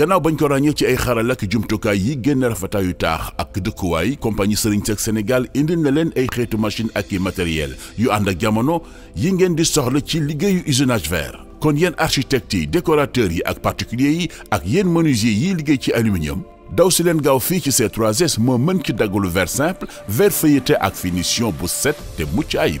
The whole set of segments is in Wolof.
gannaaw bañ ko ràññee ci ay xarala ak jumtukaay yi génn yu taax ak dëkkuwaay compagnie Serigne Seck Sénégal indil na leen ay xeetu machine ak i matériel yu ànd ak jamono yi ngeen di soxla ci liggéeyu usinage vert. kon yenn architecte yi décorateur yi ak particulier yi ak yenn menuisier yiy liggéey ci aluminium daw si leen gaaw fii ci c 3 moo mën ci daggalu verre simple verre feuilleté ak finition bu set te mucc ayib.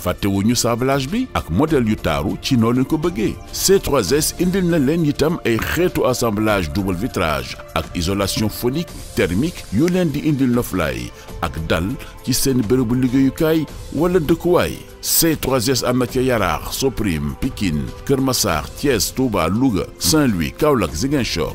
fàttewuñu sablage bi ak modèle yu taaru ci noolu leen ko bëggee c 3 indil na leen itam ay xeetu assemblage double vitrage ak isolation phonique thermique yu leen di indil noflaay ak dal ci seen bërëbu liggéeyukaay wala dëkkuwaay C3S am na ca Yaraax Soprim Pikine Kër Massar Thiès Touba Louga Saint-Louis Kaolack Ziguinchor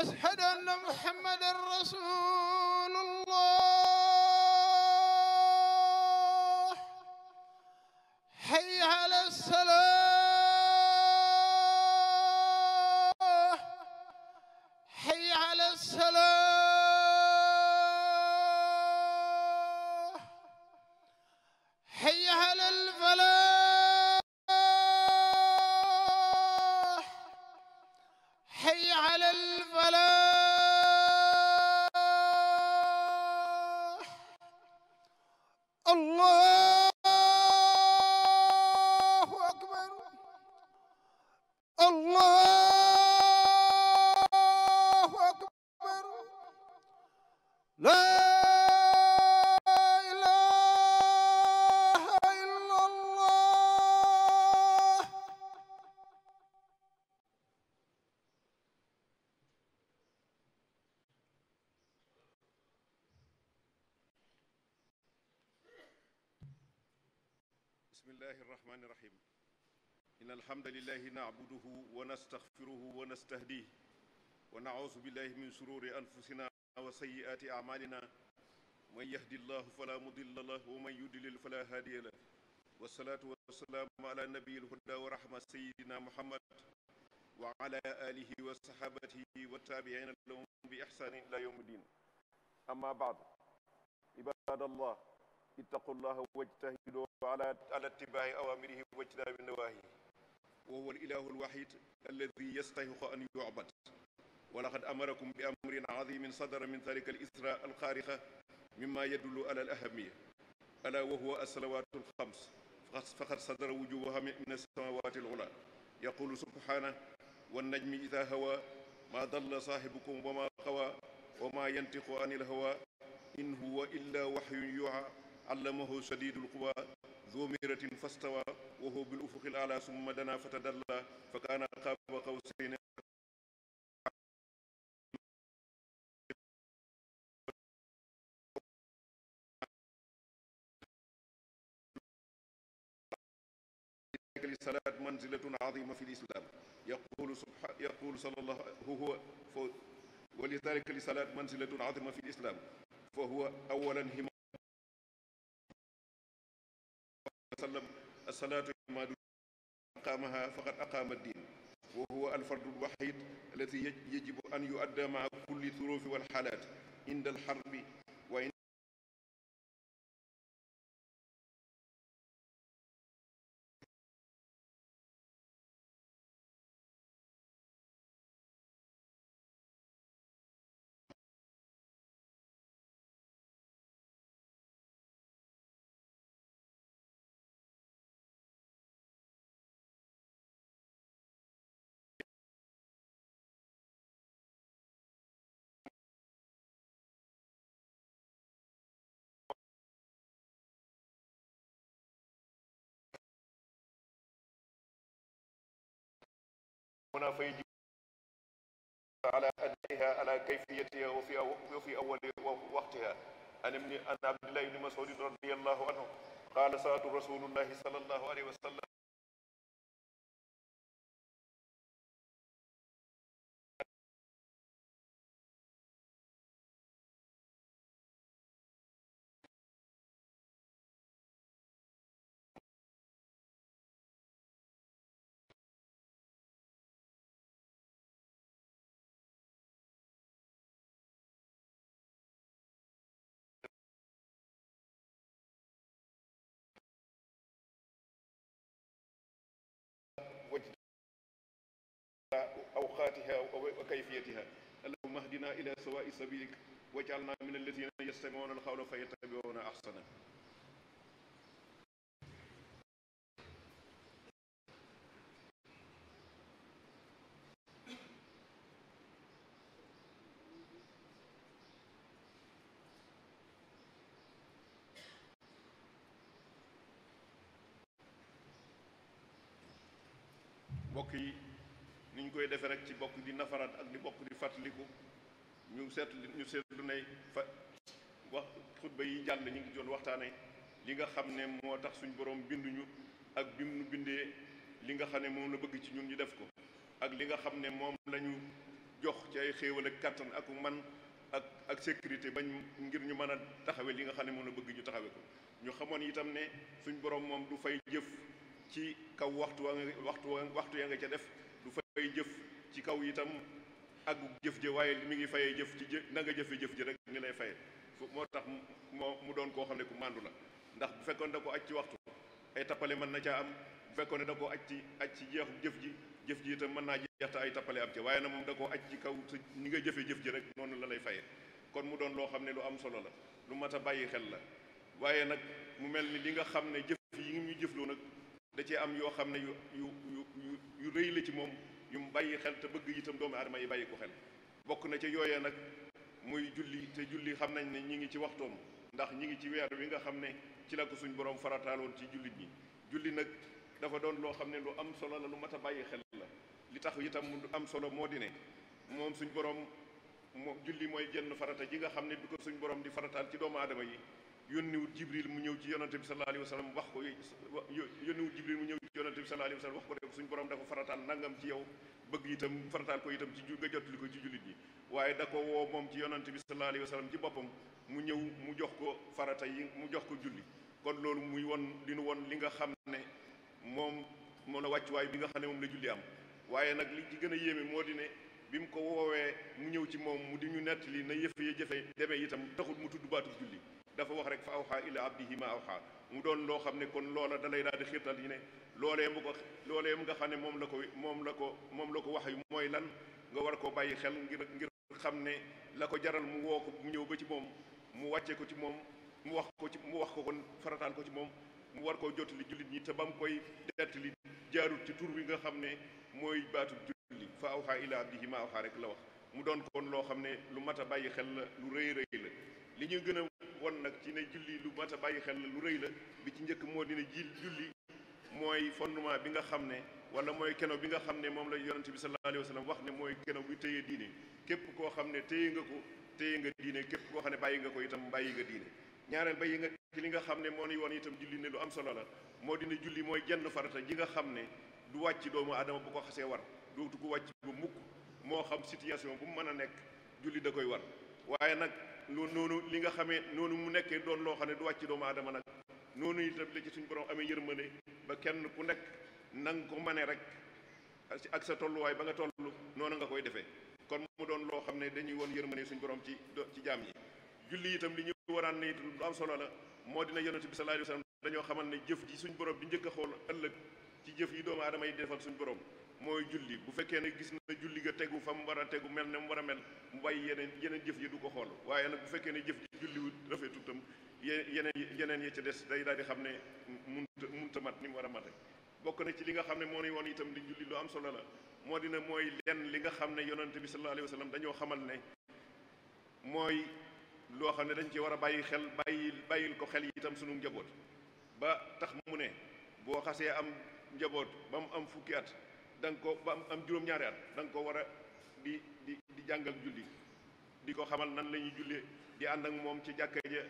أشهد أن محمدا رسول على الفلاح bismillahi irrahmani irrahim in alhamdulilahi nacbuduhu wa nastaxfiruhu wa nastahdih wa nacuusu billahi min sururi anfusina wa sayiaati acmalina man yahdi llahu fala mudilla lah wa man yudlil fala haadiya lah wasalaatu wasalaamu ala nabiyi lhuda wa rahma sayidina muhammad wa ala alihi wa sahabatihi wa taabiina lahum bi ixsaanin ila yawmi din amma baad ibadallah ittaqullaha wajtahidu ala ala ittibaai awamirihi wajtinaabi nawaahi wa huwa alilahu alwahid alladi yastahiqu an yucbad wa laqad amarakum bi amrin azimin sadara min dalika alisra alxaariqa mima yadullu ala alahamiya ala wa huwa alsalawatu alxams faqad sadara wujubuha min alsamawati alula yaqulu subhana wannajmi ida hawa ma dalla saaxibukum wa ma qawa wa ma yantiqu an ilhawa in huwa illa waxyun yuha allamahu shadidul quwa zu miratin fastawa wa huwa bil ufuqil a'la summa dana fatadalla fa kana qaaba qawsayn للصلاة منزلة عظيمة في الإسلام يقول سبحان يقول صلى الله هو ولذلك للصلاة منزلة عظيمة في الإسلام فهو أولا asalaatu maadu aqaamaha faqad aqaama diin wa huwa alfardu lwahid allati yajibu an yuadda maa kulli durufi walxaalaat inda alxarbi هنا فيجب على أدائها على كيفيتها وفي وفي أول وقتها عن ابن عن عبد الله بن مسعود رضي الله عنه قال سألت رسول الله صلى الله عليه وسلم أوقاتها وكيفيتها اللهم اهدنا إلى سواء سبيلك واجعلنا من الذين يستمعون القول فيتبعون أحسنه mbokk yi ni ñu koy defee rek ci bokk di nafaraat ak di bokk di ko ñu seet ñu seetlu ne fa wax xutba yi jàll ñu ngi doon waxtaane li nga xam ne moo tax suñu borom binduñu ak bi mu bindee li nga xam ne moom la bëgg ci ñun ñu def ko ak li nga xam ne moom la ñu jox ci ay xéewal ak kàttan ak man ak ak sécurité bañ ngir ñu mën a taxawe li nga xam ne moom la bëgg ñu taxawe ko ñu xamoon itam ne suñ borom moom du fay jëf ci kaw waxtu wa waxtu wa waxtu ya nga ca def fay jëf ci kaw itam àggu jëf ji waaye mu ngi fayee jëf ci jë na nga jëfe jëf ji rek ni lay faye moo tax moo mu doon koo xam ne ku màndu la ndax bu fekkoon da ko aj ci waxtu ay tappale mën na caa am fekkoon ne da ko aj ci aj ci jeexu jëf ji jëf ji itam mën naa jeex te ay tappale am ci waaye na moom da koo aj ci kaw sa ni nga jëfe jëf ji rek noonu la lay fayee kon mu doon loo xam ne lu am solo la lu mat a bàyyi xel la waaye nag mu mel ni li nga xam ne jëf yi ngi ñu jëfloo nag da cee am yoo xam ne yu yu yu yu rëy ci moom yu mu bàyyi xel te bëgg itam doomu aadama yi bàyyi ko xel bokk na ca yooyee nag muy julli te julli xam nañ ne ñi ngi ci waxtoom ndax ñi ngi ci weer wi nga xam ne ci la ko suñ borom farataaloon ci jullit ñi julli nag dafa doon loo xam ne lu am solo la lu mat a bàyyi xel la li tax itam mu am solo moo di ne moom suñ borom moo julli mooy jenn farata ji nga xam ne bi ko suñ borom di farataal ci doomu aadama yi yónniwut jibril mu ñëw ci yonante bi sallallahu alayhi wa sallam wax ko yónniwut jibril mu ñëw ci yonante bi sallallahu alayhi wa sallam wax ko rek suñ borom dafa farataal nangam ci yow bëgg itam farataal ko itam ci nga ko ci jullit yi waaye da ko woo moom ci yonante bi sallallahu alayhi wa sallam ci boppam mu ñëw mu jox ko farata yi mu jox ko julli kon loolu muy won di nu li nga xam ne moom moo la wàccuwaay bi nga xam ne moom la julli am waaye nag li ci gën a yéeme moo di ne bi mu ko woowee mu ñëw ci moom mu di ñu nettali na yëf yi jëfe demee itam taxul mu tudd baatub julli dafa wax rek fa awxaa ila abdihi ma awxaa mu doon loo xam ne kon loola dalay lay daal di xiirtal yi ne loolee mu ko loolee mu nga xam ne moom la ko moom la ko moom la ko wax yu mooy lan nga war ko bàyyi xel ngir ngir xam ne la ko jaral mu woo ko ñëw ba ci moom mu wàccee ko ci moom mu wax ko ci mu wax ko kon farataal ko ci moom mu war koo jottali jullit ñi te ba mu koy dettali jaarut ci tur bi nga xam ne mooy baatu julli fa awxaa ila abdihi ma awxaa rek la wax mu doon kon loo xam ne lu mat a bàyyi xel la lu rëy rëy wan nag ci ne julli lu mat a bàyyi xel la lu rëy la bi ci njëkk moo dina ji julli mooy fondement bi nga xam ne wala mooy keno bi nga xam ne moom la yonente bi sallallahu alayhi wa sallam wax ne mooy keno bu téye képp koo xam ne téye nga ko téye nga diine képp koo xam ne bàyyi nga ko itam bàyyi nga diine ñaareel bàyyi nga ci li nga xam ne moo ni woon itam julli ne lu am solo la moo dina julli mooy jenn farata ji nga xam ne du wàcc doomu aadama bu ko xasee war dootu ko wàcc ba mukk moo xam situation bu mu mën a nekk julli da koy war waaye nag loolu noonu li nga xamee noonu mu nekkee doon loo xam ne du wàcc doomu aadama nag noonu itam la ci suñu borom amee yërmande ba kenn ku nekk nang ko mane rek ak sa tolluwaay ba nga toll noonu nga koy defee kon mu doon loo xam ne dañuy woon yërmande suñu borom ci ci jaam yi julli itam li ñu waraan ne am solo la moo dina yonent bi sa alayhi wa sallam dañoo xamal ne jëf ji suñu borom di njëkk xool ëllëg ci jëf yi doomu adama yi defal suñu borom mooy julli bu fekkee ne gis na julli ga tegu fa mu war a tegu mel ne mu war a mel mu bàyyi yeneen yeneen jëf yi du ko xool waaye nag bu fekkee ne jëf ji julliwut rafetul tam yeneen yeneen ya ca des day daal di xam ne munta munta mat ni mu war a mate bokk na ci li nga xam ne moo ni woon itam di julli am solo la moo dina mooy lenn li nga xam ne yonante bi sallallahu alayhi wa sallam dañoo xamal ne mooy loo xam ne dañ ci war a bàyyi xel bàyyi bàyyil ko xel yi itam sunu njaboot ba tax mu ne boo xasee am njaboot ba mu am fukki at danga ko ba am juróom-ñaari at da nga ko war a di di di jàngal julli di ko xamal nan la ñuy jullee di ànd ak moom ci jàkka ja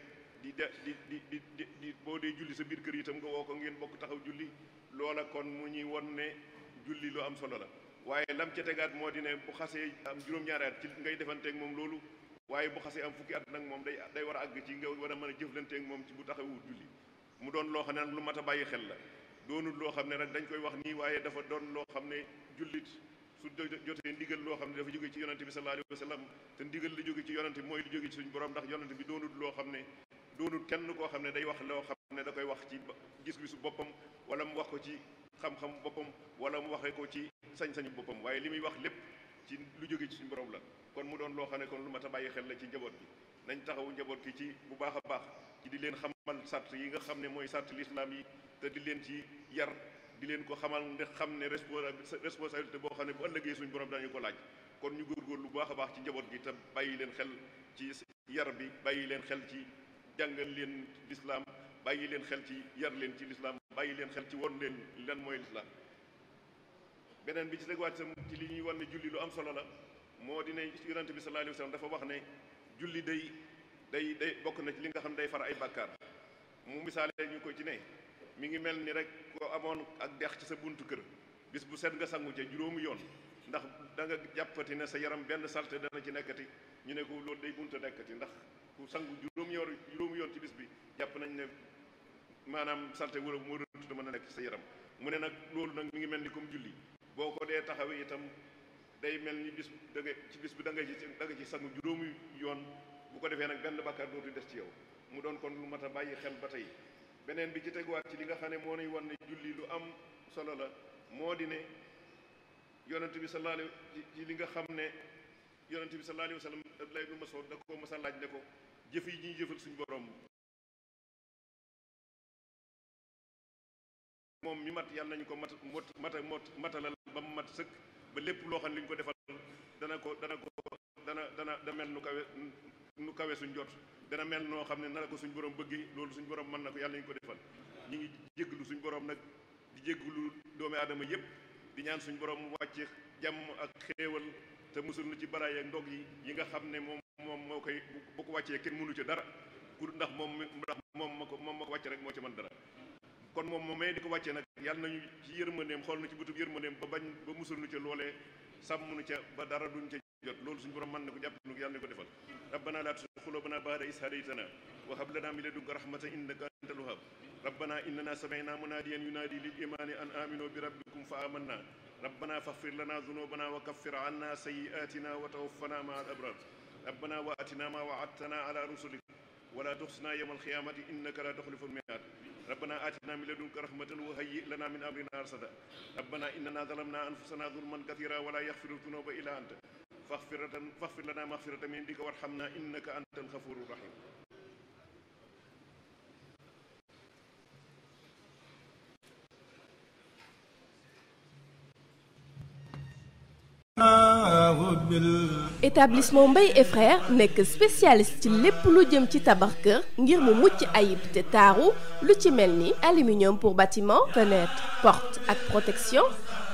di de di di di boo dee julli sa biir kër tam nga woo ko ngeen bokk taxaw julli loola kon mu ñuy won ne julli lu am solo la waaye lam ca tegaat moo di ne bu xasee am juróom-ñaari at ci ngay defanteek moom loolu waaye bu xasee am fukki at nag moom day day war a àgg ci nga war a mën a jëflanteeg moom ci bu taxawut julli mu doon loo xam ne lu mat a bàyyi xel la doonul loo xam ne nag dañ koy wax nii waaye dafa doon loo xam ne jullit su jotee ndigal loo xam ne dafa jóge ci yonante bi sallallahu alayhi wa sallam te ndigal li jóge mooy li jóge ci suñu borom ndax yonante bi doonul loo xam ne doonul kenn koo xam ne day wax loo xam ne da wax ci gis-gisu boppam wala mu wax ko ci xam-xam boppam wala mu waxee ko ci sañ-sañu boppam waaye li muy wax lépp ci lu jóge ci suñu borom la kon mu doon loo xam ne kon lu mat a bàyyi xel la ci njaboot bi nañ taxawu njaboot gi ci bu baax a baax ci di leen xam man sart yi nga xam ne mooy sart lislaam yi te di leen ci yar di leen ko xamal ne xam ne responsabilité boo xam ne bu ëllëgee suñ borom dañu ko laaj kon ñu góorgóor lu baax a baax ci njaboot gi te bàyyi leen xel ci yar bi bàyyi leen xel ci jàngal leen lislaam bàyyi leen xel ci yar leen ci lislaam bàyyi leen xel ci won leen lan mooy lislaam beneen bi ci dëgwaat sam ci li ñuy wan ne julli lu am solo la moo di ne yonante bi sallallahu alayhi wa sallam wax ne julli day day day bokk na ci li nga xam ne day far ay bàkkaar mu misaalee ñu ko ci ne mi ngi mel ni rek ko amoon ak dex ci sa buntu kër bis bu set nga sangu ca juróomi yoon ndax danga jàppati na sa yaram benn salte dana ci nekkati ñu ne ko loolu day bunta nekkati ndax ku sangu juróomi yoon juróomi yoon ci bis bi jàpp nañ ne maanaam salte wala moo dootu mën a nekk sa yaram mu ne nag loolu nag mi ngi mel ni comme julli boo ko dee taxawee itam day mel ni bis da ci bis bi da nga ci da nga ci sangu juróomi yoon bu ko defee nag benn bàkkaar dootu des ci yow mu doon kon lu mat a bàyyi xel ba tey beneen bi ci teguwaat ci li nga xam ne moo nuy wan ne julli lu am solo la moo di ne yonent bi sallallahu alayhi ci li nga xam ne yonent bi sallallahu alayhi wa sallam Abdullah ibn Mas'ud da ko mas a laaj ne ko jëf yi ñuy jëfal suñu borom moom mi mat yàlla nañu ko mat mot mata mot matalal ba mu mat sëkk ba lépp loo xam ne li ñu ko defal dana ko dana ko dana dana da mel nu kawe nu kawe suñ jot dana mel noo xam ne na ko suñu borom bëggee loolu suñ borom man na ko yàlla ñu ko defal ñu ngi lu suñ borom nag di jégglu doomi aadama yëpp di ñaan suñu borom mu wàcce jàmm ak xéewal te musul nu ci baraay ak ndog yi yi nga xam ne moom moom moo koy bu ko wàccee kenn mënu ca dara ku ndax moom ndax moom ma ko moom ma ko wàcce rek moo ci man dara kon moom moom may di ko wàccee nag yàlla nañu ci yërmandeem xool na ci bëtub yërmandeem ba bañ ba musul nu ca loolee sàmm nu ca ba dara duñ ca jot loolu suñu borom mën na ko jàpp nu yàlla na ko defal rabbana laa tuzigh qulubana ba'da idh hadaytana wa hab lana min ladunka rahmatan innaka antal wahhab rabbana innana sami'na munadiyan yunadi lil imani an aminu bi rabbikum fa amanna rabbana faghfir lana dhunubana wa kaffir 'anna sayyi'atina wa tawaffana ma'al abrar rabbana wa atina ma wa'adtana 'ala rusulik wa la tukhzina yawmal qiyamati innaka la tukhliful mi'ad rabbana atina min ladunka rahmatan wa hayyi' lana min amrina rashada rabbana innana zalamna anfusana zulman kathira wa la yaghfiru dhunuba illa anta faxfiratan faxfir lanaa nekk spécialiste ci lépp lu jëm ci tabax kër ngir mu mucc ayib te taaru lu ci mel ni aluminium pour bâtiment fenêtre porte ak protection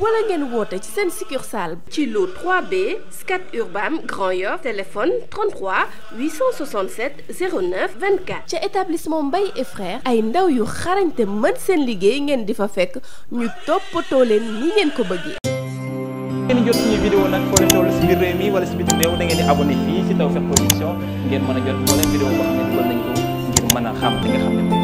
wala ngeen woote ci seen succursale ci lu 3B Scat Urbam Grand Yoff téléphone 33 867 09 24 ca établissement Mbaye et ay ndaw yu xarañte mën seen liggéey ngeen di fa fekk ñu toppatoo leen ni ngeen ko bëggee ngeen jot suñu vidéo nag foo leen toll si wala si biti réew da ngeen di abonné fii si Tawfekh ngeen mën a jot moo leen vidéo boo xam ne dugal